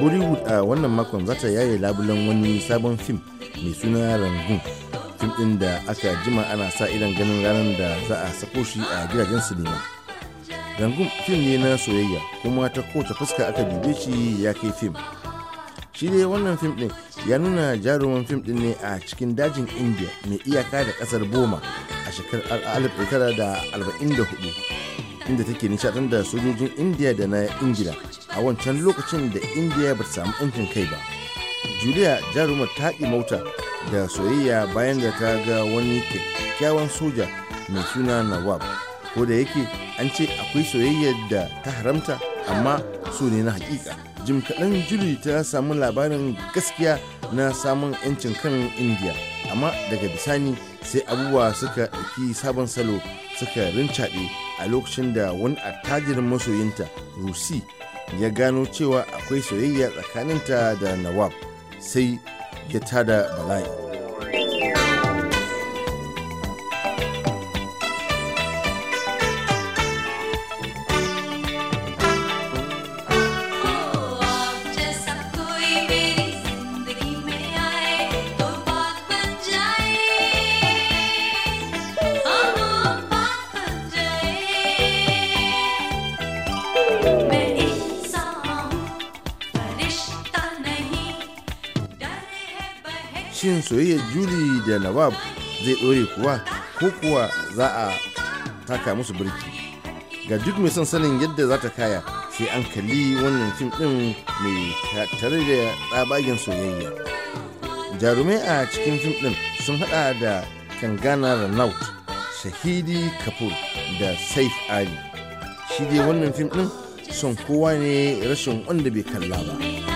bollywood a wannan makon zata yaye labulan wani sabon fim mai suna rangoon fim din da aka jima ana sa idan ganin ranar da za a sako shi a gidajen sinima rangoon fim ne na soyayya kuma ta kowace fuska aka dube shi ya kai fim shi dai wannan fim din ya nuna jaruman fim din ne a cikin dajin india mai iyaka da kasar boma a shekarar 1944 inda take nishadin da sojojin indiya da na ingila a wancan lokacin da indiya ba ta samu 'yancin kai ba julia jarumar ta mauta da soyayya bayan da ta ga wani kyakkyawan soja mai suna nawab ko da yake an ce akwai soyayyar da ta haramta amma su ne na hakika jim kaɗan juli ta samu labarin gaskiya na samun 'yancin kan indiya amma daga bisani sai abubuwa suka ɗauki sabon salo suka rincaɗe a lokacin da wani attajirin masoyinta rusi ya gano cewa akwai soyayya tsakaninta da nawab sai ya tada bala'i shin soyayyar julie da nawab zai ɗore kuwa ko kuwa za a taka musu birki ga duk mai son sanin yadda za ta kaya sai an kalli wannan fim ɗin mai tare da tsabagen soyayya jarumai a cikin fim ɗin sun haɗa da kangana ranaut shahidi kapur da saif ali shi dai wannan fim ɗin son kowa ne rashin wanda bai kalla ba.